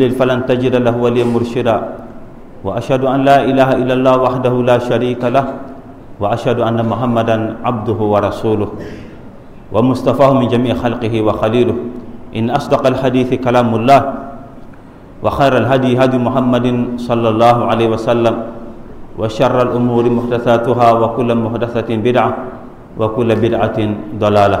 فلن تجد له وليا مرشدا وأشهد أن لا إله إلا الله وحده لا شريك له وأشهد أن محمدا عبده ورسوله ومصطفاه من جميع خلقه وخليله إن أصدق الحديث كلام الله وخير الهدي هدي محمد صلى الله عليه وسلم وشر الأمور محدثاتها وكل محدثة بدعة وكل بدعة ضلالة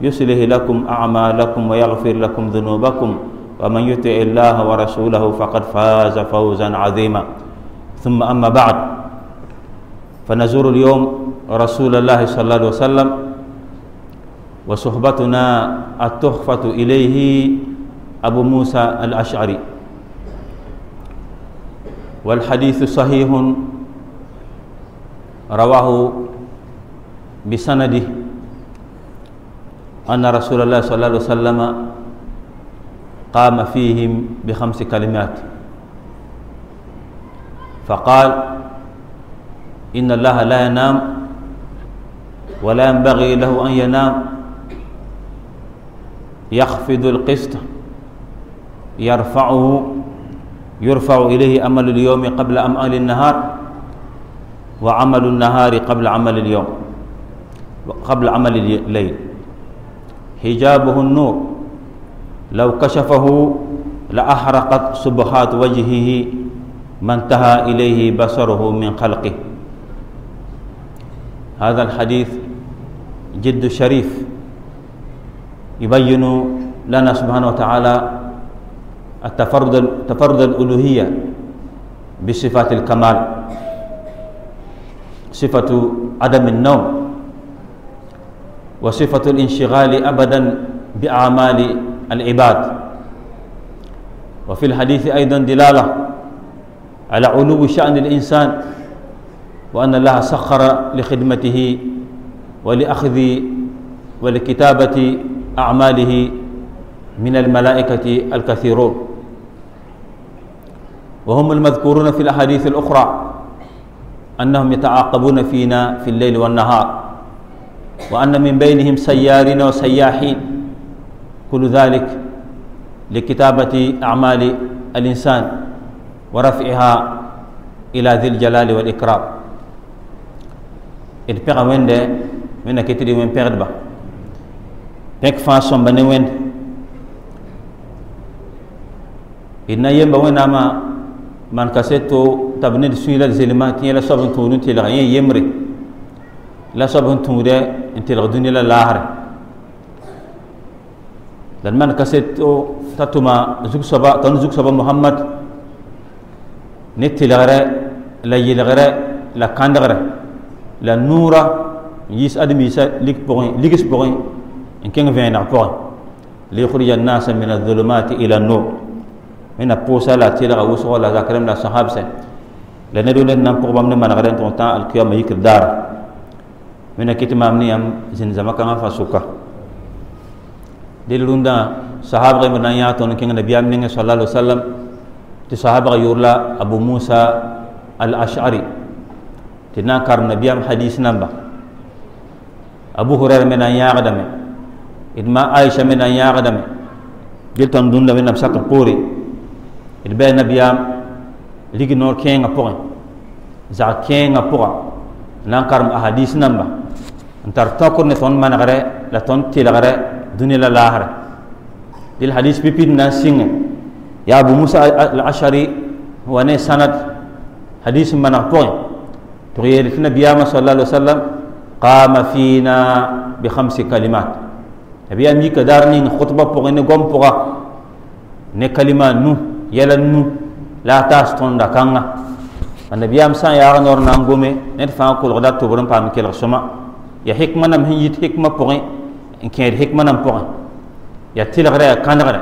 يصلح لكم أعمالكم ويغفر لكم ذنوبكم ومن يطع الله ورسوله فقد فاز فوزا عظيما ثم أما بعد فنزور اليوم رسول الله صلى الله عليه وسلم وصحبتنا التحفة إليه أبو موسى الأشعري والحديث صحيح رواه بسنده أن رسول الله صلى الله عليه وسلم قام فيهم بخمس كلمات فقال إن الله لا ينام ولا ينبغي له أن ينام يخفض القسط يرفعه يرفع إليه أمل اليوم قبل أمل النهار وعمل النهار قبل عمل اليوم قبل عمل الليل حجابه النور لو كشفه لأحرقت سبحات وجهه ما انتهى إليه بصره من خلقه هذا الحديث جد شريف يبين لنا سبحانه وتعالى التفرد تفرد الألوهية بصفات الكمال صفة عدم النوم وصفة الانشغال أبدا بأعمال العباد وفي الحديث أيضا دلالة على علو شأن الإنسان وأن الله سخر لخدمته ولأخذ ولكتابة أعماله من الملائكة الكثيرون وهم المذكورون في الأحاديث الأخرى أنهم يتعاقبون فينا في الليل والنهار وأن من بينهم سيارين وسياحين كل ذلك لكتابة أعمال الإنسان ورفعها إلى ذي الجلال والإكرام إن بيغا ويند من كتري وين بيغد با بيغ فاسم بني وين إن يمبا وين أما من كسيتو تبنيد سويلة زلمات يلا صبن تونو تلغين يمري لا سبب تمودة أنت لغدني لا لاهر لما نكسيت تتما زوج سبا تون زوج سبا محمد نتي لغرة لا يلغرة لا كندغرة لا نورة يس أدمي يس ليك بوين ليكس بوين إن كان فين أقوى ليخرج الناس من الظلمات إلى النور من أبوسا لا تيرا أوسا ولا ذكرنا صحابسه لأن دون أن نحكم من من غرنت وتأكل كيوم يكدر دار mena kiti mamni yam zin zama kanga fa suka del lunda sahaba ga manan ya ton kinga nabi am ninga sallallahu alaihi wasallam ti sahaba ga yurla abu musa al ash'ari ti na kar nabi am hadis namba abu hurairah menan ya gadame idma aisha menan ya gadame del ton dunda menam sakka pore idbe nabi am ligi nor kenga poin za kenga poa nan karam ahadis namba انتر توكر نثون من غره لثون تيل غره دنيا لاهر دي الحديث بيبي ناسين يا أبو موسى العشري هو نه سند حديث من أقوى تغير فينا بيام صلى الله عليه وسلم قام فينا بخمس كلمات أبي أمي كدارني خطبة بقينا قم بقى نكلمة نو يلا نو لا تاستون دكانا النبي أمسان يا غنور نعومي نتفانكول غدا تبرم بامكيل رسمه yama nam syi hma pʋgẽ nkẽr manam pʋe y tɩlgyakãgr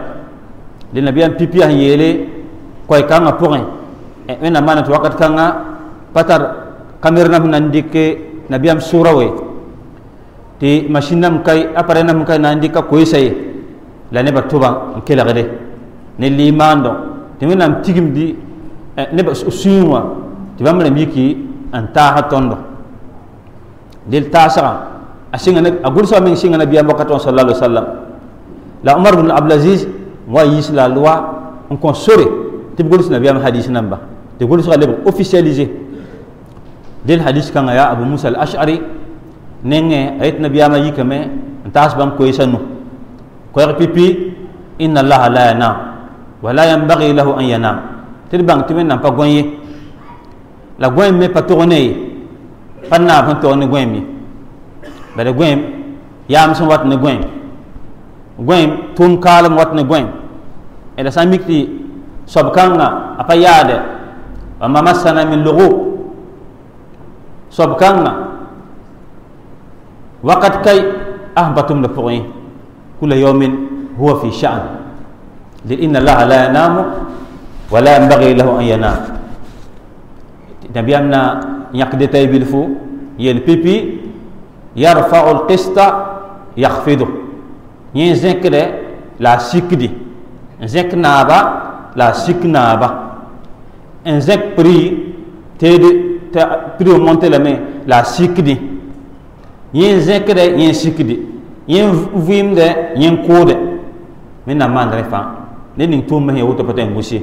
enim iyekkaʋẽnmɩwaka rn la nea ta nklge ne lmaand tɩ wẽnaam tigm eh, neasũã tɩ bãmrmyiki n taasa tõndɔ ديل تاسرا أشينا أقول سوا من شينا نبي أبوكات صلى الله عليه وسلم لا عمر بن عبد العزيز ويس لا لوا أن نكون سوري تقول سنا بيام حديث نمبا تقول سوا لبر أوفيسياليزي دل حديث كان يا أبو موسى الأشعري نينغ أيت نبي أما يكمل تاس بام كويسانو كوير بيبي إن الله لا ينام ولا ينبغي له أن ينام تلبان تمين با غوني لا غوني مي با فنا فنتو نغويم بل غويم يا مسن وات نغويم غويم توم كالم وات نغويم الا ساميكتي سبكانا افا ياد وما مسنا من لغو سبكانا وقد كي اهبطم لفوقين كل يوم هو في شان لان الله لا ينام ولا ينبغي له ان ينام نبي امنا fu yel pipi يلبيبي al-qista yakhfidu yin zekre la sikdi zek la siknaba un zek pri te de au monter la main la sikdi yin zekre yin sikdi yin vimde yin kode min na mandre ne ning tum me woto patay gusi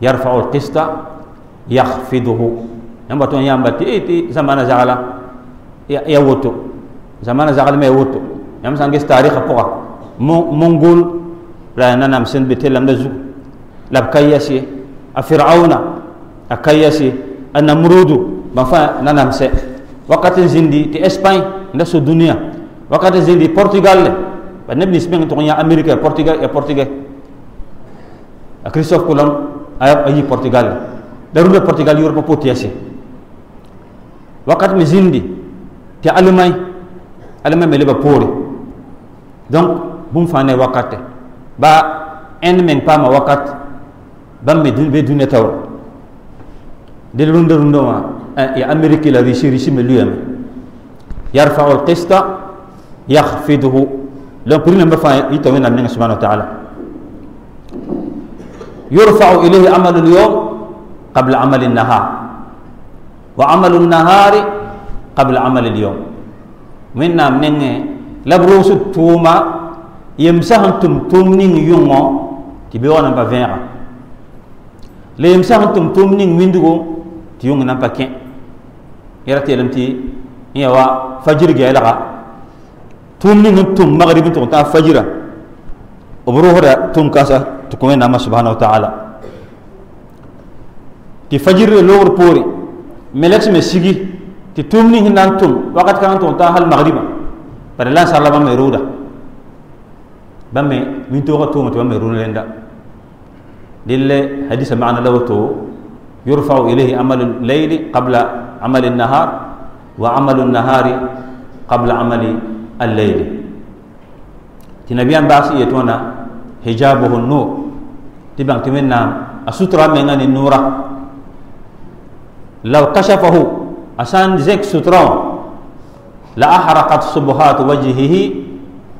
yarfa'u al-qista yakhfiduhu yamba ton yamba ti ti zamana zagala ya woto zamana zagala me woto yam sangi tarikha poka mongol la nanam sen betelam da zu lab kayasi a fir'auna a kayasi a namrudu ba fa nanam se wakati zindi ti espagne nda so dunia wakati zindi portugal le ba nebni smen to ya america portugal e portugais a christophe colomb a yi portugal darude portugal yorpa potiyasi وقت مزندي تي علماي علماي مليبا بوري دونك بوم فاني وقت با ان من باما وقت بام مدل بي دوني تاور دي روند روندو أه، يا امريكي لا ريشي ريشي مليام يرفع القسط يخفضه لو بري نمبر فاي يتوين امنا سبحانه وتعالى يرفع اليه عمل اليوم قبل عمل النهار وعمل النهار قبل عمل اليوم من نام نينغ لبروس توما يمسحن تم توم نين يونغو تبيو نام با فينغا لي يمسحن تم توم نين ويندغو تيونغ نام با كين لمتي يوا فجر جيلغا توم نين مغرب توم تا فجرا وبروهرا توم كاسا تكون نام سبحانه وتعالى تفجر لور بوري ملك سمي سيجي تتومني هنا أنتم وقت كان أنتم تاهل مغربا بدل الله سالا بام يرودا بام مين توقع توم تبام يرودا لندا دل حديث معنا لو تو يرفع إليه عمل الليل قبل عمل النهار وعمل النهار قبل عمل الليل تنبيان باس يتونا حجابه النور تبان كمنا أسطرة من النورة لو كشفه عشان زيك سترون لأحرقت سبحات وجهه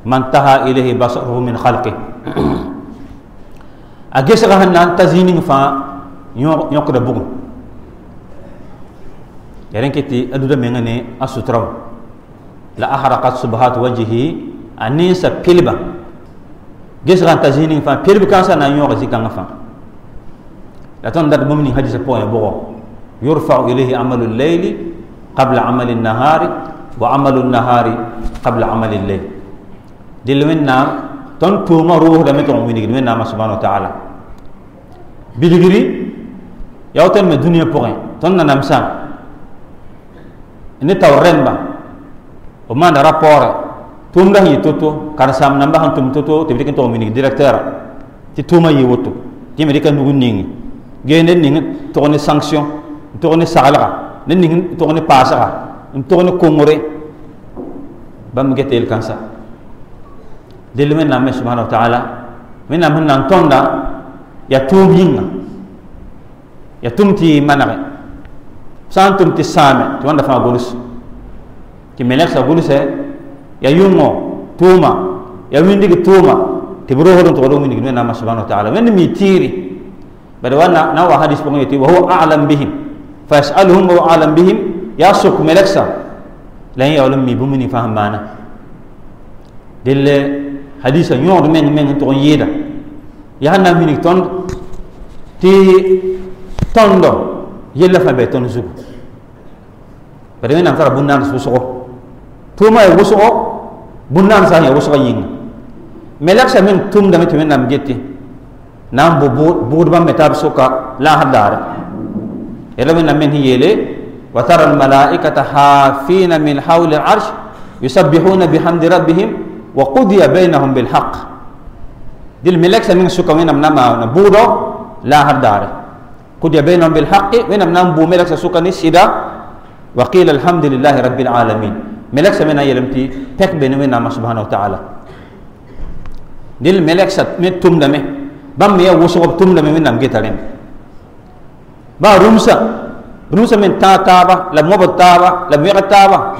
ما انتهى إليه بصره من خلقه أجسر هن أن تزينين فا يقرأ بغم يرين يعني كتي أدود منغني أسترون لأحرقت سبحات وجهه أنيسا بلبا جسر أن تزينين فا بلب كاسا نيوغ زيكا فا لتون دات ممني هجس بوين بغم يرفع إليه عمل الليل قبل عمل النهار وعمل النهار قبل عمل الليل دل منا تنتو مروه لم تعمل منا ما سبحانه وتعالى بلغري يو تنم الدنيا بغين تنم نمسا إن تورين با وما نرى بور توم لهي توتو كارسام نمبه هنتم توتو تبريكن تومين ديركتر تي توما يوتو تي مريكا نغنين جينين نغن توني سانكسيون تغني سالغا نني تغني باسغا تغني كومري بام جيتيل كانسا دل من نام سبحانه وتعالى من نام نان توندا يا تومين يا تومتي منغ سان تومتي سام توندا فا غولس كي ملك سا غولس يا يومو توما يا ويندي توما تبرو هورن تورو ويندي نام سبحانه وتعالى من مي تيري بدوانا نوا حديث بوغي تي وهو اعلم بهم فاسألهم هو أعلم بهم يا سوك ملكسا لن يعلم مي بمني فهم معنا دل حديثا يوم من من تون يدا يهنا من تون تي تون دو يلا فبي تون زوج بدي نعم ترى بنان سوسو توما يوسو بنان سان يوسو يين ملكسا من توم دمت من نام جتي نام بو بو بو بام لا هدار يلمن من هي لي وترى الملائكة حافين من حول العرش يسبحون بحمد ربهم وقضي بينهم بالحق دي الملك من سكوين ما نبودو لا هر هردار قضي بينهم بالحق وين منام نبو ملك سكوين سيدا وقيل الحمد لله رب العالمين ملك من يلمتي تك بينهم سبحانه وتعالى دي الملك من تمدمه بام يا وسوب تمدمه من نام جيتارين ba rumsa rumsa men ta taba la mobo taba la mira taba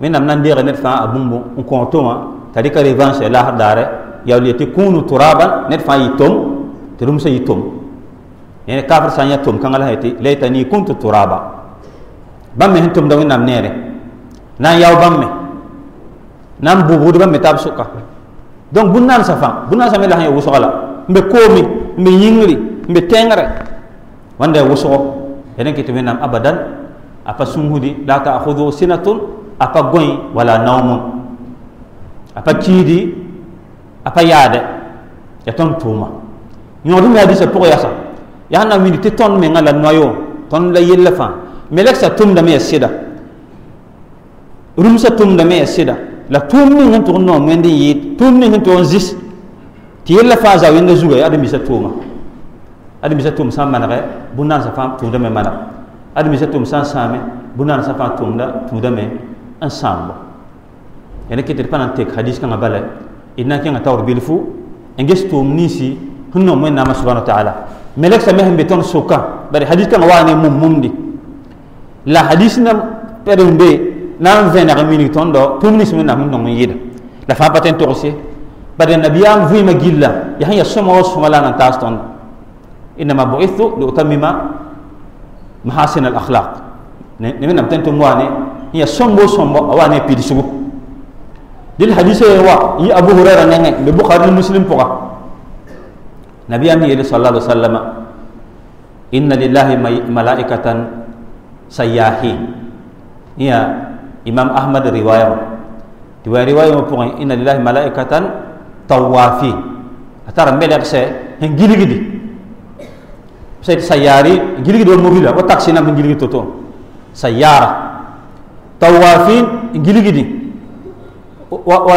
men nam nan dere net fa abumbo on kontoma tadi ka revanche la hadare yaw li kunu turaban net fa yitom te rumsa yitom yani kafir san ya tom kangala heti laitani kuntu turaba bamme hen tom dawin nam nere nan yaw bamme nan bubudu bamme tab suka donc bunnan safa bunnan safa la hayo wusala mbe komi mbe yingri mbe tengre wanda wusoo eden ke minam abadan apa sumhudi la ta akhudhu sinatun apa goy wala nawmun apa kidi apa yade ya ton tuma nyodum ya disa pour ya sa ya na min ti ton me ngala noyo ton la yella fa melek sa tum da me sida rum sa tum da me sida la tum ni ngan ton no mendi yit tum ni ngan ton zis ti yella fa za winda zuga ya de mi sa tuma admisa tʋʋm sã n manegɛ bũmb sã fãa tũudame maneg admisa tʋʋm sã n sãame bũmb sã fãa tʋʋmda tũudame n sãambo yẽne kɩ tɩ d pa na n tek hadis kãngã bala d na n kẽngã taoor bilfu n ges tʋʋm ninsi sẽn nom wẽnnaamã subhana wa taala meleksa me sẽn be tõnd sʋka bare hadis kãngã waa ne mum mumdi la hadis na pɛd n be na n vẽneg n minig tõndo tʋʋm nins wẽnnaam sẽn nong n yɩɩda la fãa pa tẽn togs ye bare nabiyaam vɩɩmã gilla yaa sẽn ya sõma wa sõma la n taas tõndo inama buithu liutamima mahasin alakhlaq ne ne namten tumwa ne ya sombo sombo awane pidi sugu dil hadise wa yi abu Hurairah ne ne be bukhari muslim poka nabi an ali sallallahu Sallam. wasallam inna lillahi malaikatan sayyahi ya imam ahmad riwayat riwayat riwayat poka inna lillahi malaikatan tawafi atara mbele akse hen gili gili سيد سياري جيلي دو موبيلا تاكسي نام جيلي توتو سيارة توافين جيلي دي و و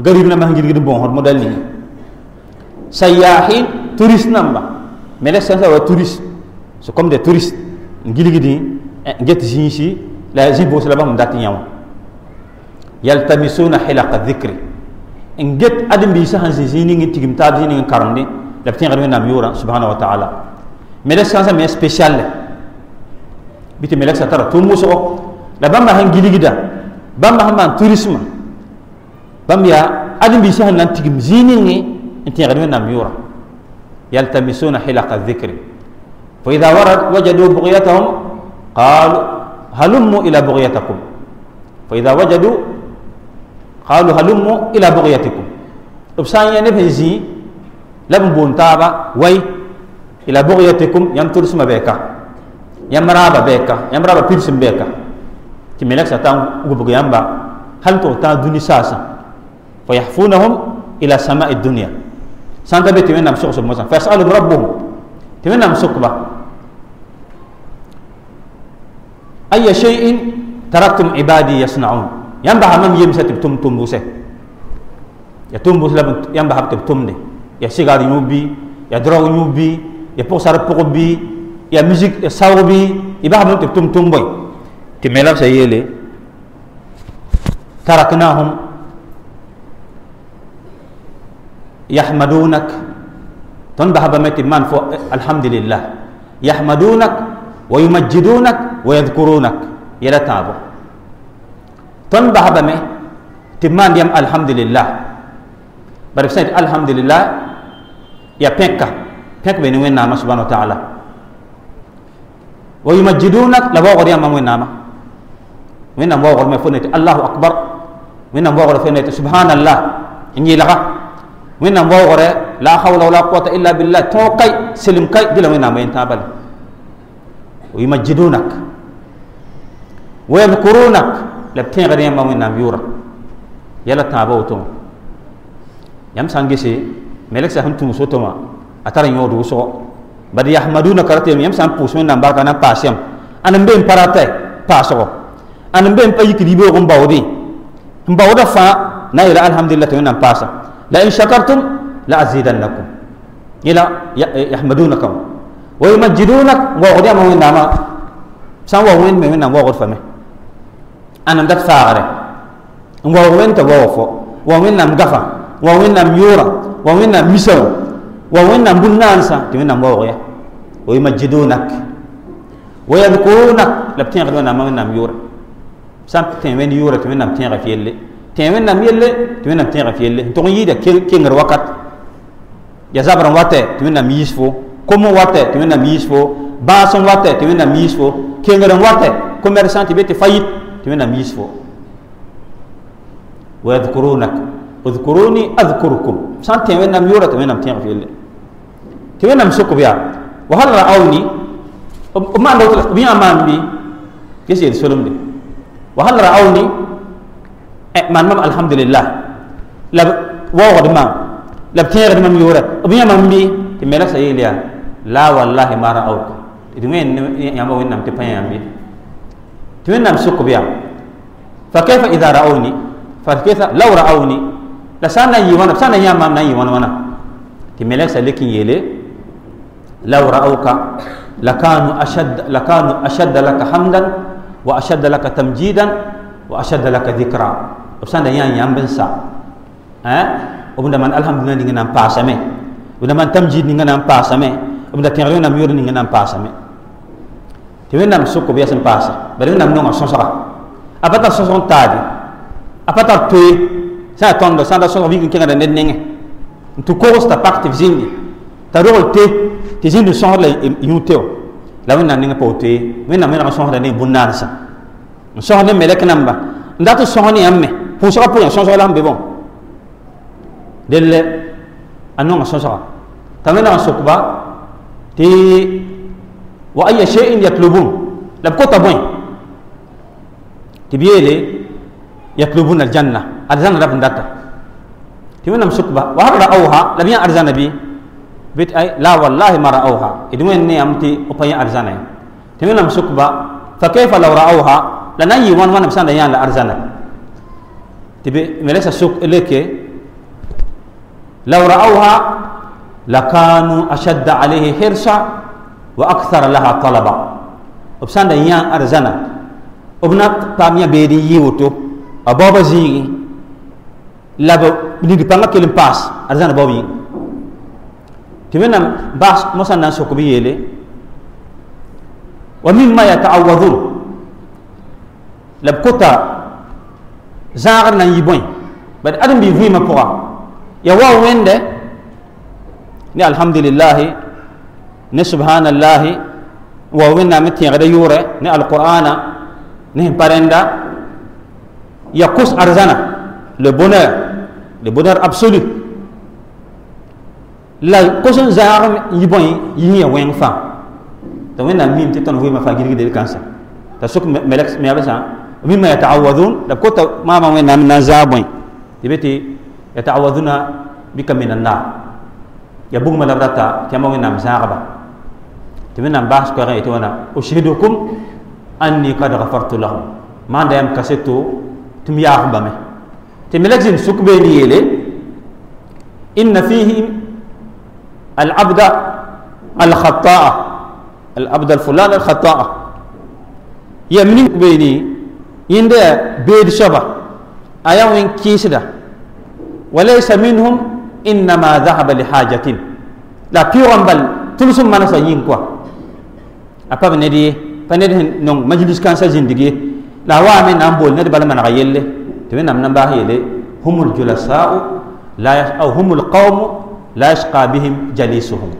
غريب نام جيلي دو بون هور مودال ني سياحين توريست با ملي سان و توريست سو كوم دي توريست جيلي دي جيت جينشي لا جيبو سلام دات نياو يلتمسون حلق الذكر ان جيت ادم بيسا هانزيني تيغم تابزيني كارندي لابتين غرمي نام يورا سبحانه وتعالى ملك سانسا مي سبيشال بيت ملك ساتر تومو سو لا بام هان غيلي غيدا بام هان مان توريسم بام يا ادم بي سهل نان تيم زيني ني انت غادي نام يورا يلتمسون حلق الذكر فاذا ورد وجدوا بغيتهم قالوا هلموا الى بغيتكم فاذا وجدوا قالوا هلموا الى بغيتكم ابسان يا نفسي لم بونتابا وي ila bughiyatikum yam tursuma beka yam raba beka yam raba pirsim beka ti melek sa tan gubu yamba hal to ta duni sasa fa yahfunahum ila sama'i dunya sanga beti men nam sokso mosa fa yasalu rabbuhum ti men nam sokba ayya shay'in taraktum ibadi yasna'un yamba hamam yemsatim tum tum buse ya tum buse yamba habtum tumne ya sigari yubi ya drogu yubi ويقول لك أن بوك بي يا ميوزيك يا ساو بي يبقى بنت توم توم باي تي ميلاب سايلي تركناهم يحمدونك تون بحب مت مان فو الحمد لله يحمدونك ويمجدونك كيف بيني وين نعم سبحانه وتعالى ويمجدونك لا بوغر يما وين نعم وين نعم بوغر ما فنيت الله اكبر وين نعم بوغر فنيت سبحان الله اني لغا وين نعم بوغر لا حول ولا قوه الا بالله توقي سلم كاي دي وين نعم ينتابل ويمجدونك ويذكرونك لبتين غير يما وين نعم يورا يلا تابوتو يم سانجيسي ملك سهمتم سوتوما atara nyodo so bad yahmaduna karate yam san pus men nambar kana pasyam anan ben parate paso anan ben payi kidibo gum bawdi mbawda fa na ila alhamdulillah to nan pasa la in shakartum la azidannakum ila yahmadunakum wa yumajjidunak wa ghadiya ma wen nama san wa wen men nan wa godfa me anan dat faare wa wen ta wa fo wa wen nam gafa wa wen nam yura wa wen nam misaw نبون ووينام بنانسا توينام وغيا ويمجدونك ويذكرونك لبتين غدونا ما وينام يورا سام تين وين يورا توينام تين غفي يلي تين وينام يلي توينام تين غفي يلي تون يدا كينغر وقت يا زبرن واتي توينام يسفو كومو واتي توينام يسفو باسن واتي توينام يسفو كينغرن واتي كوميرسانتي بيتي فايت توينام يسفو ويذكرونك اذكروني اذكركم سان تين وينام يورا توينام تين غفي يلي tɩ wẽnnaam sʋkb yaa wa hal ra'awni b maanda b yã maan bɩ ges yel wa hal ra'awni maan mam alhamdulillah la b waoogd maam la b tẽegd mam yoora b yã mam bɩ tɩ me rasa yeel yaa la wallahi ma ra'awk tɩ wẽn yãmba wẽnnaam tɩ pa yãmb ye tɩ wẽnnaam sʋkb yaa fa kaifa ida ra'awni fa kaifa law ra'awni la sã n wãna b sã n na wãna wãna tɩ meleksa le kẽ yeele لو رأوك لكانوا أشد لكانوا أشد لك حمدا وأشد لك تمجيدا وأشد لك ذكرا وسند يان يان بنسا ها وبنا من الحمد لله نين نام باسمه وبنا من تمجيد نين نام باسمه وبنا تيرو نام يور نين نام باسمه تبين نام سوق بيسن باسا بل نام نوم سونسرا أبدا سونسون تادي أبدا توي سان توندو سان دا سوسو بيكن كان ندنين نتو كوستا باكتيف زيني تارول تي tɩ zĩndi sõsd la yũ teo la wẽnnaam ning pa woto ye wẽnnaam wẽneg sõsda ne bũn-naansã n sõsd ne melk namba n dat n sõs ne yãmb me pʋʋsga pʋgẽ sõsg la n be bõn dell a nonga sõsga t'a wẽneg n sokba tɩ wa aya shay'in yatlubun la b kota bõe tɩ b yeele yatlubun aljanna aljanna la b n data tɩ wẽnnaam sokba wa hab ra'awha la b yã aljanna bɩ bit ay la wallahi ma ra'awha idwen ne amti opanya arzana timenam sukba fa kayfa law ra'awha la nan yiwan wanam sanda yan la arzana tibe melesa suk eleke law ra'awha lakanu ashadda alayhi hirsa wa akthara laha talaba obsanda yan arzana obna tamya bedi yiwoto ababa zigi labo ni dipanga kelim pas arzana bawi تمنا بعض مثلا ناس كبيرة لي ومما يتعوضون لبكتا زارنا يبوي بعد أدم بيفي ما بوا يا واو وين ده ني الحمد لله ني سبحان الله واو وين نامتي غدا يورة ني القرآن ني بارندا يكوس أرزانا le bonheur le bonheur absolu la kosen zaarem yi bõe yi ya wẽng fãa t'a wẽnnaam mim tɩ tõnd vɩɩmã fãa gilgd d kãnsa t'a sʋk melk meabsã mima yatawadun la b kota maama wẽnnaam ma n zaa bõe tɩ be tɩ yatawaduna bika min annar ya bugma la b rata kẽma wẽnnaam zãagba tɩ wẽnnaam baas koɛɛgẽ yetɩ wãna ushidukum anni qad ghafartu lahum maanda yam kaseto tum m yaag bame tɩ melk zĩnd sʋk bee n yeele inna fihim العبد الخطاء العبد الفلان الخطاء يمني بيني يند بيد شبا أيام إن كيسدا وليس منهم إنما ذهب لحاجة لا بيوان بل تلسم منسا ينكوا أبا بنديه بندي نون مجلس كانسا زندقي لا وامن أمبول ندي بلا من غيلي تبين أمنا باهي هم الجلساء لا أو هم القوم la yashqa bihim jalisuhum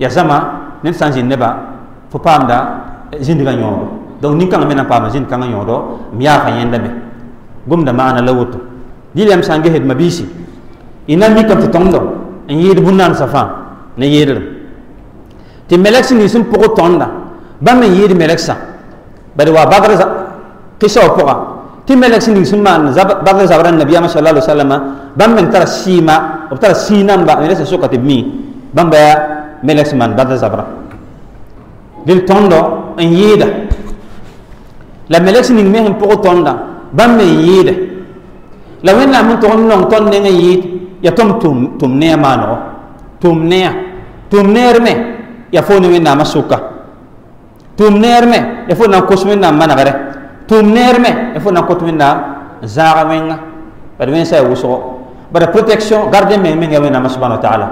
ya zama ne san jin neba fo pamda jin diga nyodo donc ni kanga mena pamda jin kanga nyodo mi ya fa yenda be gum da maana la am sangi hed mabisi ina mi kam to tondo en yid bunan safa ne yidir ti melek sin isum pour tonda ba me yid melek sa ba de wa bagra kisa o tɩ melg sẽn ning sẽn maan barl zabrã nabiyaamã sala ali wasalama bãmb meng tara sɩɩma b tara sĩig namba ne sẽn soka tɩ b mi bãmba yaa melg sẽn maan barl zabrã dẽl tõndo n yɩɩda la melg sẽn ning me sẽn pʋg tõnda bãmb me n yɩɩda la wẽnnaam sẽn tog n long tõnd neng n yɩɩd yaa tõmb tʋm neã maanego tʋm neã tʋm neer me yaa fo ne wẽnnaamã sʋka tʋm neer me yaa fo na n kos wẽnnaam manegre tʋʋm neerme e fo na kõt wẽnnaam n zãaga wẽnga bad wẽnsa ya wʋsgo bara protection garde me menga wẽnnaamã subhana wa taala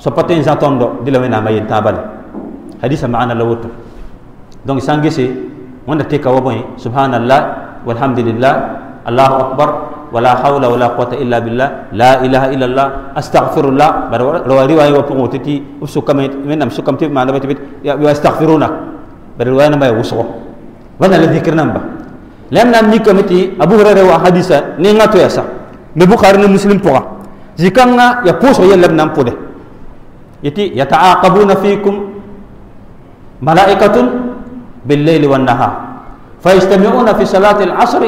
so pa tõe n zã tõndo dɩ la wẽnnaamã yel-tãabã bala hadisa maana la woto donc sã n gese wẽnda tɩka wa bõe subhanallah walhamdulillah allahu akbar ولا حول ولا قوة إلا بالله لا إله إلا الله أستغفر الله روا رواية وبقوة تتي وسكمت من نم سكمت مع نبت بيت يستغفرونك بل رواية ما يوسعه وانا لذكر نمبا لم نام ني ابو هريره وحديثا ني غاتو يسا نبوخاري مسلم بوغا زيكانا يا بوسو يلم نام بوده يتي يتعاقبون فيكم ملائكة بالليل والنهار فيجتمعون في صلاة العصر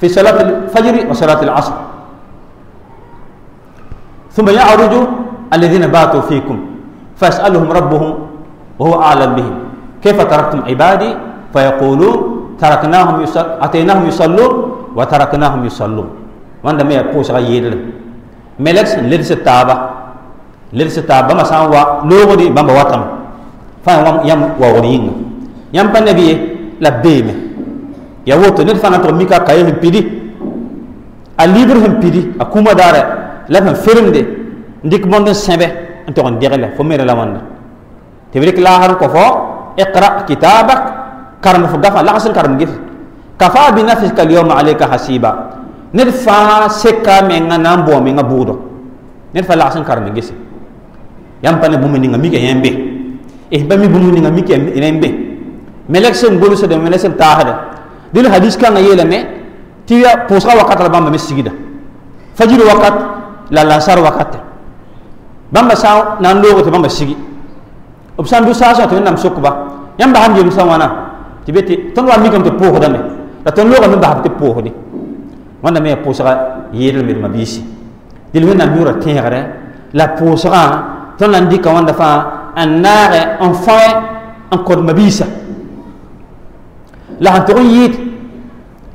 في صلاة الفجر وصلاة العصر ثم يعرج الذين باتوا فيكم فاسألهم ربهم وهو أعلم بهم كيف تركتم عبادي فيقولون تركناهم يصل أتيناهم يصلون وتركناهم يصلون وأنا ما يبوس غير ملكس لرس التابة لرس التابة ما سانوا لوغدي بما واتم فهم يم وغنين يم بنبي لبيم يا وقت نرفع نتوم ميكا كايه بدي أليبر هم بدي أكوما داره لهم فيلم دي ديك بندن سبب انت عن ديغلا فمير لا وانا تبريك لا هر كفو اقرأ كتابك karam fo gafa la asal karam gif kafa bi nafsika al yawma alayka hasiba nirfa sekka me ngana bo me ngabudo nirfa la asal karam gif yam pane bu mini ngami ke yembe e eh, bami bu mini ngami ke yembe melek sen golu se de melek sen tahada dil hadis kan yele me tiya posra wakata la bamba mesigida fajir wakat la la sar wakat bamba saw nan do ko bamba sigi obsan du sa sa to nam sokuba yam ba ham musawana ton tɩ be tɩ tõnd wa mikame tɩ pʋʋsdame la tõnd loogame basb tɩ pʋʋsde wẽnnaam yaa pʋʋsga yɩɩdl medmã biisi dɩl wẽnnaam yʋʋra tẽegre la pʋʋsgã ton na n ka wãnda fãa n naage en fõe n kõd bisa la sẽn tʋg n yɩɩd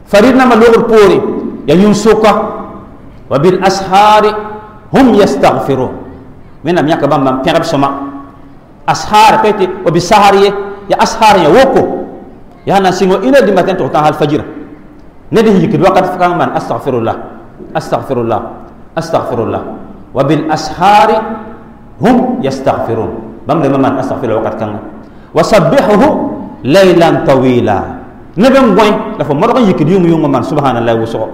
farid nama loogd pori ya yũn soka wa bil ashar hum yastagfirun wẽnnaam yãka bãmba n pẽgb sõma ashaar pa wa bi sahari ya ashar ya woko يا ناسينو إلى دي ماتين تقطعها الفجر ندي هيك الوقت فكان من أستغفر الله أستغفر الله أستغفر الله وبالأسحار هم يستغفرون بمن من أستغفر الوقت كان وسبحه ليلا طويلا نبي مبين لفو مرغ يكد يوم يوم من سبحان الله وسعه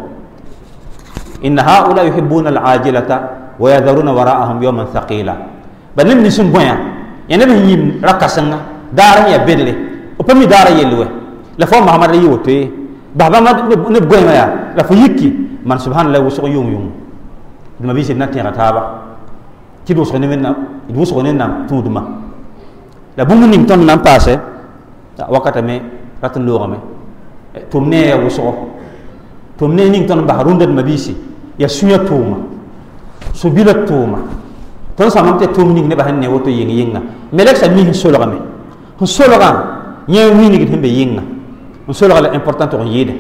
إن هؤلاء يحبون العاجلة ويذرون وراءهم يوما ثقيلا بل نبي بوين يعني نبي ركسنا دارا يبلي وبمي دارا يلوه لفوا ما همري يوتي بابا ما نبغى ما يا لفوا يكي من سبحان الله وسق يوم يوم لما بيجي نتيا نتابع كده وسق نمنا كده وسق نمنا تود ما لبوم نيمتون نام باسه وقت ما راتن لورا ما تومني يا وسق تومني نيمتون بحرون ده ما بيجي يا سوية توما سبيلة توما تنسى ما تومني نبهن نيوتو ينغ ينغ ملك سامي هنسولغامي هنسولغامي yẽ wingd sẽn be yĩnga n solga la important tɩg n yɩɩda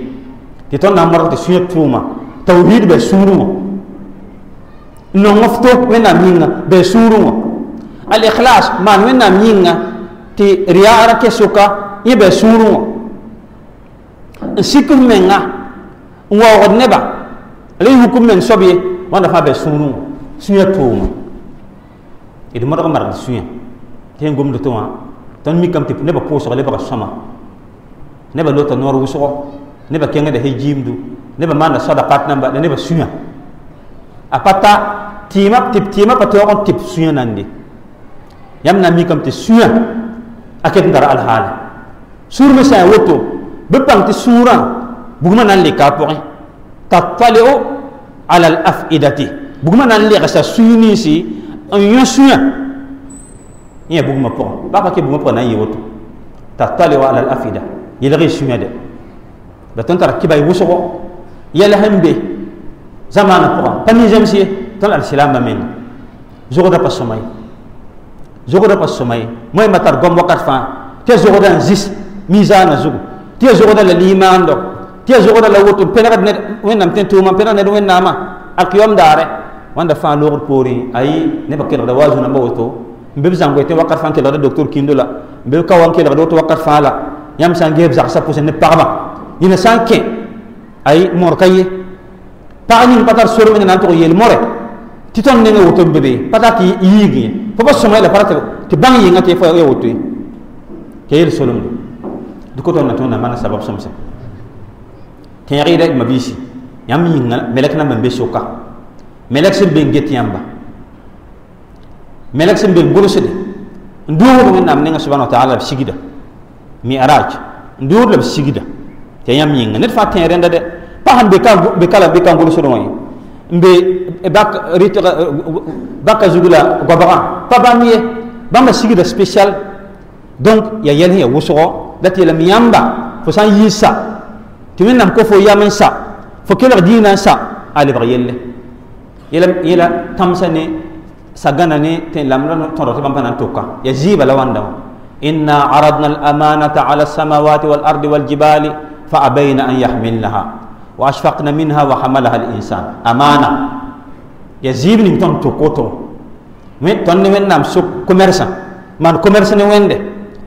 ton tõnd na n morg tɩ sũ tʋʋma tawhiid bɩ sũurẽ n nong f to wẽnnaam yĩnga al ikhlas man wena wẽnnaam yĩnga tɩ riyaara ke soka yẽ bɩ sũurẽ wã n sikf menga n waoogd neba la hukum men sobi ye wãnda fãa bɩ sũurẽ wã sũyã tʋʋma d modg n marg sũyã tɩ n gomd tõnd mikame tɩ nebã pʋʋsg lebga sõma nebã lota noor wʋsgɔ nebã kẽngda sẽ giimdu nebã maanda sadakat namba la nebã sũyã a pa ta tɩɩma tɩ tɩɩmã pa taoog n tɩb sũyã nande yãmb na n mikame tɩ sũyã a ket n tara alhaala sũurme sã n woto bɩ pãng tɩ sũurã bugumã na n lɩka a pʋgẽ tatali'u ala al afidati bugumã na n legsa sũy ninsi n yõ sũyã يا بوغ ما بون باكا كي بوغ ما يوت تاتالي على الافيده يلغي شمد بتن ترى كي باي وشو يلا همبي زمان بون بني جمسي تن السلام مامين زوغ دا باسوماي زوغ دا باسوماي موي ماتار غوم وقت تي زوغ زيس ميزان زوغ تي زوغ دا دو تي زوغ لوتو بينا وين نام تن توما بينا ند وين ناما القيوم داري وان دا فان لوغ بوري اي نبا كيلو نبا وتو mbe b zãngo tɩ wakat fãa n kelgda doctor kĩndo la mbe b ka wa n kelgd woto wakat fãa la yãmb sã n ges b zagsã pʋsẽ ne pagba yẽna sã n kẽ ay mor ka ye pag ning pa tar sorme ne na n tʋg yeel more tɩ tõnd nengã woto n bebe pa tar tɩ yiig yẽ fo pa sõma yɛla pa ra tɩ bãng yɩngã tɩ fo ya woto ye tɩ yel solemde dɩko tõnd na tõndã mana sabab sõmsẽ kẽeg yɩda d ma biisi yãmb yĩnga melek nambã n be soka melek sẽn be n get yãmba ملك سنبير بروسدي ندور من نام نعس سبحانه وتعالى بسجدة ميراج ندور له بسجدة تيام مين عند فاتين رندا ده بحن بكا بكا بكا بروسدي ماي بباك ريت باك زغلا غبرا تبانية بام سجدة سبيشال دونك يا يلهي وسوا ده تيلا ميامبا فسان يسا تمين نام كفو يامن سا فكلا دينا سا على بغيله يلا يلا تمسني sagana ni te lamra toro te bampana tukka ya jiba lawanda inna aradna al-amanata ala samawati wal ardi wal jibali fa abaina an yahmilnaha wa ashfaqna minha wa hamalaha al-insan amana ya jib ni ton to koto me ton ni men nam suk commerçant man commerçant ni wende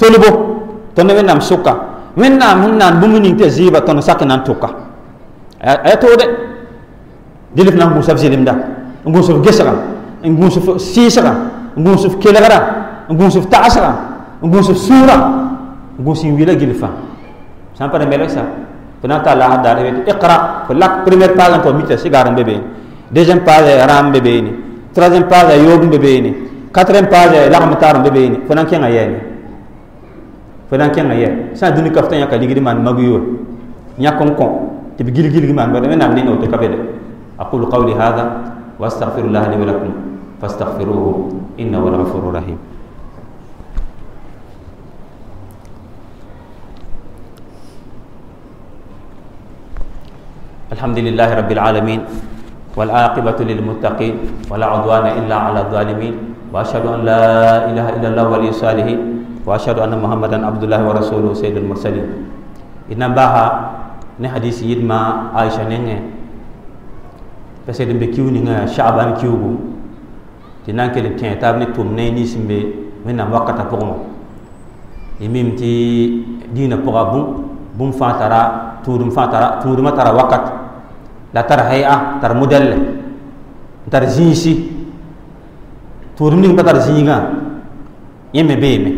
tolbo ton ni men nam sukka men nam hin nan bumuni te jiba ton sakana tukka ay to de dilif nam musab zilimda ngusuf gesara نقوسف سيسرة نقوسف كيلغرة نقوسف تعسرة نقوسف سورة نقوسين ويلا جلفا سامبا نملك سا فنانتا الله دار اقرأ فلاك بريمير باغ انتو ميتا سيغارن بيبين ديزم باغ رام بيبيني ترازم باغ يوب بيبيني كاترم باغ لغم تارم بيبيني فنان كين اياني فنان كين اياني سان دوني كفتان يكا ليغري مان ماغيو نياكون كون تبي جيل جيل مان بدا من نام ني اقول قولي هذا واستغفر الله لي ولكم فاستغفروه إنه الغفور الرحيم الحمد لله رب العالمين والعاقبة للمتقين ولا عدوان إلا على الظالمين وأشهد أن لا إله إلا الله ولي صالح وأشهد أن محمدا عبد الله ورسوله سيد المرسلين إن باها نحديث يدما عائشة نيني فسيد بكيو نيني شعبان كيوبو tɩ na n kell kẽ taab ne tʋm ne ninsẽmbe wẽnnaam wakata pʋgẽ wã y mim tɩ dĩinã pʋga bũ bũmb fãa tara tũudum fãa tara tũudumã tara wakat la tara hay-a tara modɛlle n tar zĩisi tũudum ning pa tar zĩigã yẽ me beeme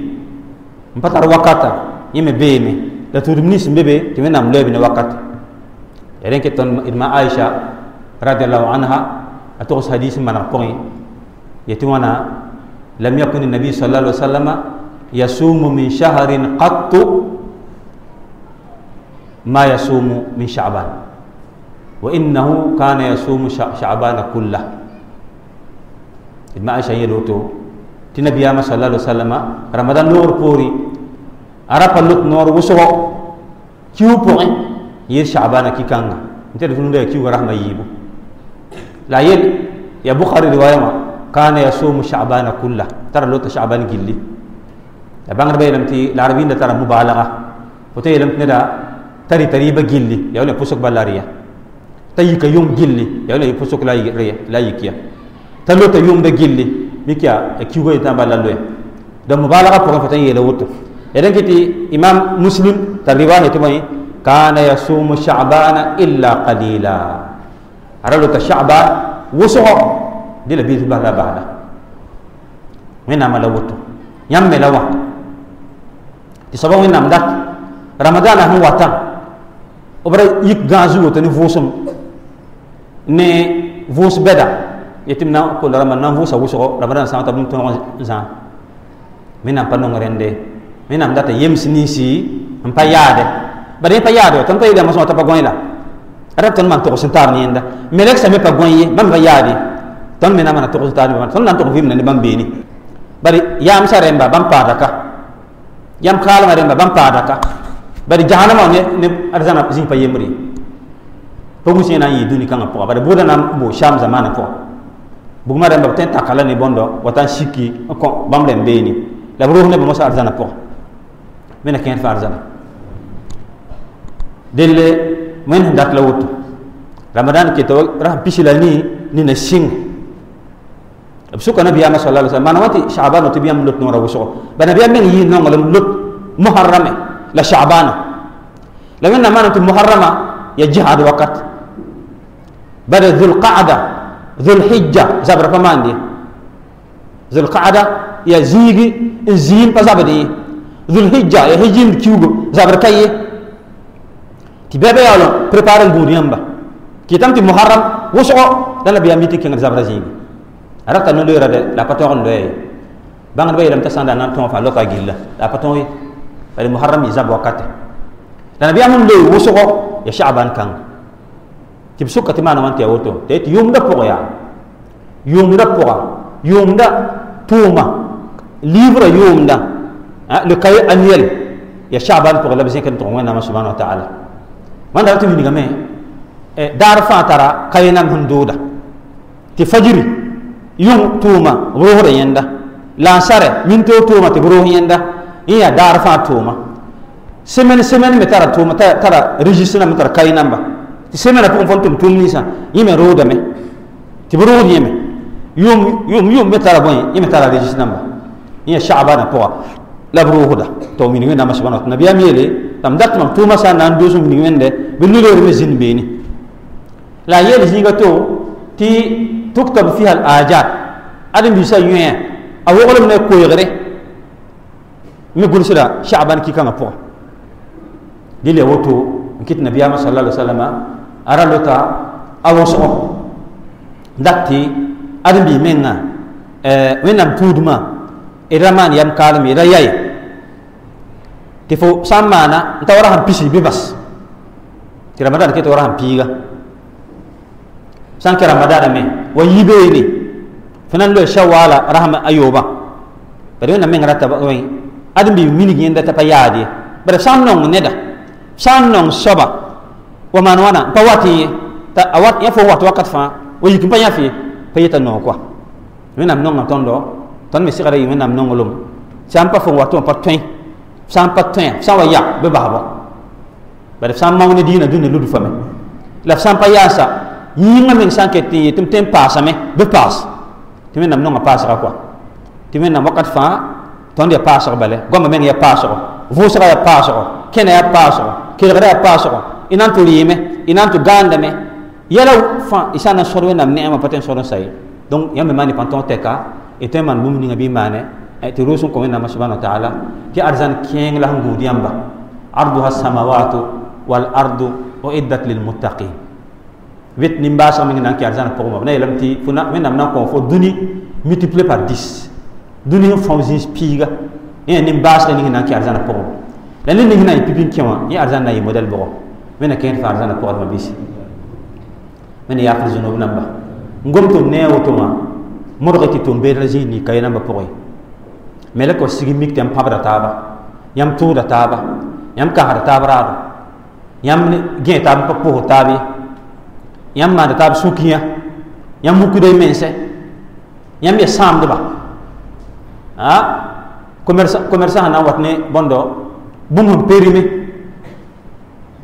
n pa tar wakata yẽ me beeme la tũudum nins n be be tɩ wẽnnaam loɛɛb ne wakat ya rẽn ket tõnd d ma aicha radiallahu anha a togs hadis n maneg pʋgẽ يتوانا لم يكن النبي صلى الله عليه وسلم يصوم من شهر قط ما يصوم من شعبان وإنه كان يصوم شعبان كله ما عشان يلوتو تنبي ما صلى الله عليه وسلم رمضان نور بوري أرى لوت نور وسوه كيو بوري يير شعبان كي كان انت تقولون ده كيو رحمة يجيبو لا يل يا بخاري رواية ما كان يصوم شعبان كله ترى لو شعبان جلي بانغر بي لمتي العربيين ده ترى مبالغه فتي لم ده تري تري بجلي يا ولا فسق بالاريا تيك يوم جلي يا ولا فسق لا لا يكيا تلو يوم بجلي ميكيا كيو غي يتا بالالوي ده مبالغه فوق فتي يلوت يدن كتي امام مسلم تريوان تماي كان يصوم شعبان الا قليلا أرادوا شعبان وسعه de la bil bala bala wẽnnaamã la woto yãmb me la wã tɩ soaba wẽnnaam dat ramadaana sẽn wata b ra yik gãa zu woto ne vʋʋsem ne vʋʋs bɛda yetɩ m na n kol rama na n vʋʋsa wʋsgɔ ramadan sãng t'a bũmb tõog zãa wẽnnaam pa nong rẽnde wẽnnaam data yems ninsi n pa yaade bara yẽ pa yaade wa tõnd pa yeelame sõma t'a pa gõe la rab tõnd man togs n taab ne yẽnda meleksa me pa gõe ye mam pa yaade ton mi namana tokku tan ban ton lan tokku fimna ni bambeni bari yam sare mba bam padaka yam khala mare mba bam padaka bari jahanama ne ne arzana zi pa yemri to musi na yi duni kan apwa bari bodana bo sham zamana ko bu mare mba ten takala ni bondo watan shiki ko bam len beni la ruh ne mo arzana po mena ken fa arzana dele men datla wut ramadan ke to ra pisila ni ni na shing b sʋka nabiyaamã sa la slam maana wa tɩ shaabana tɩ b yãmb lot noora wʋsgo ba nabiyaam meng yɩɩ nonglem lot moharame la shaabana la wẽnnaam maana tɩ moharama ya jihad wakat bala dhulqaada dhulhijja zabra pa maande dhulqaada ya ziigi n ziin pa zabd ye dhulhijja ya hijiimd kiugo zabr ka ye tɩ bɛɛba yaoolõ prépare n gũud yãmba kɩtame tɩ moharam wʋsgo la nabiyaam yɩ tɩ kẽngd zabra zĩigi raka no lera de la paton loye bangal bay ram tasanda nan ton fa loka gilla la paton yi bari muharram izab wakati la nabiya hum le wusugo ya sha'ban kan tib sukka timana mana te woto te yum da poya yum da poya yum da tuma livre yum da le kay annuel ya sha'ban pour la bisin ton wana ma subhanahu wa ta'ala man da tumi ngame dar fa tara kayna hunduda ti fajiri يوم توما بروه يندا لا سارة من تو توما تبروه يندا هي دار فا توما سمن سمن متر توما ترى ترى ريجيسنا متر كاي نمبا سمن أبوم فن توم توم نيسا يم رودا مي تبروه يم يوم يوم يوم متر بوي يم ترى ريجيسنا نمبا هي شعبان بوا لا بروه دا تومين وين نمشي بنا نبيا ميلي تام دكت مام توما سان ناندوس مين وين ده بنيلو يوم زين بيني لا يلزيني كتو تي تكتب فيها الآجال أدم بيسا أو يغلب من كويغري ميقول سلا شعبان كي كان أبوه دي لي وتو نكيت نبي صلى الله عليه وسلم أرى لوتا أو سو داتي أدم بي منا وين آه، أم تودما إرمان يام كالمي إرايي تفو سامانا نتا وراهم بيسي بيبس ترى مدان كيت وراهم بيغا san kira madara me wa yibe ni fanan lo shawala rahma ayuba bare na men rata ba oi adam bi mini ginda ta payadi bare san non neda san non soba wa man wana pawati ta awat ya fo wat wakat fa wa yikin pa ya fi payeta no kwa men am non tondo ton me sigara yimen am non lum san pa fo wato pa twen san pa twen san wa ya be babo bare san mawne dina dunne ludu fami la san pa yasa yĩngã meng sã n ket tɩ n yetɩ m tẽn paasame bɩ paas tɩ wẽnnaam nonga paasga kɔa tɩ wẽnnaam wakat fãa tõnd yaa paasg bale goamã meng yaa paasgɔ vʋʋsga yaa paasgɔ kẽna yaa paasgɔ kelgda yaa paasgɔ y na n tɩ rɩɩme y na n tɩ gãandame yɛla fãa y sã n na sõd wẽnnaam ne'ãmã pa tẽn sõd n saye donc yãmb me maan pa n tõog tɛka y tõe n maan bũmb ninga bɩ y maane tɩ roos n kõ wẽnnaamã subhana wa taala tɩ arzãn kẽeng la sẽn gũud yãmba arduha samawatu walardu uiddat lilmuttaqin vet nimba sa na n kɛr zãn pʋgẽ wã b na yeelame tɩ wẽnnaam na n kõ fo duni multiplié par 10 dũni sẽn fõm zĩis piiga yẽ yaa nimbaasga ning na n kɛr zãn pʋgẽ la ne ning na n pipi n kẽ wã yẽ arzãn na n yɩ modɛl bʋgɔ wẽnna kẽed fa arzãna pʋgdmã bɩsi wẽnna yaafr zũnob namba n gom to ne a woto wã modg tɩ tʋm beedra ni nika y nambã pʋgẽ me la ka sig mik tɩ yãmb pãbda taaba yãmb tʋʋda taaba yãmb kãsda taab raado yãmb gẽ taab n pa pʋʋs taab ye yãmb maand taab sũkiyã yãmb mukda y mensɛ yãmb ya sãamdba commerçã sã na n wat ne bõndo bũmb sẽn perime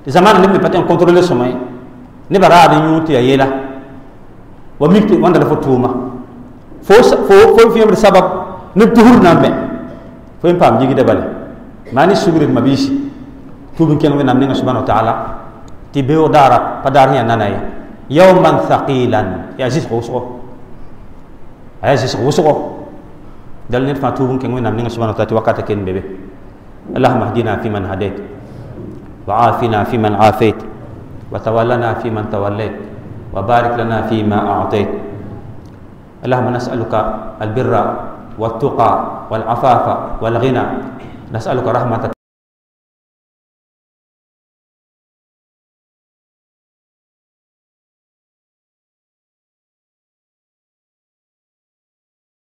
tɩ zamaana neb me pa tɩ n controle sõma ye nebã raad n yũu tɩ yaa yeela wa mik tɩ wãnda la fo tʋʋma fo fẽebd sabab neb tusr na n bẽ fo n paam yigda bale maa ne sugr d mabiisi tʋʋb n kẽng wẽnnaam nengã subhana wa taala tɩ beoog daara pa daar sẽn yaa nana ye يوما ثقيلا يا زيس غوسو يا زيس غوسو دل نرفع توبن كن وين من سبحانه وتعالى وقت كن بيبي اللهم اهدنا فيمن هديت وعافنا فيمن عافيت وتولنا فيمن توليت وبارك لنا فيما أعطيت اللهم نسألك البر والتقى والعفاف والغنى نسألك رحمتك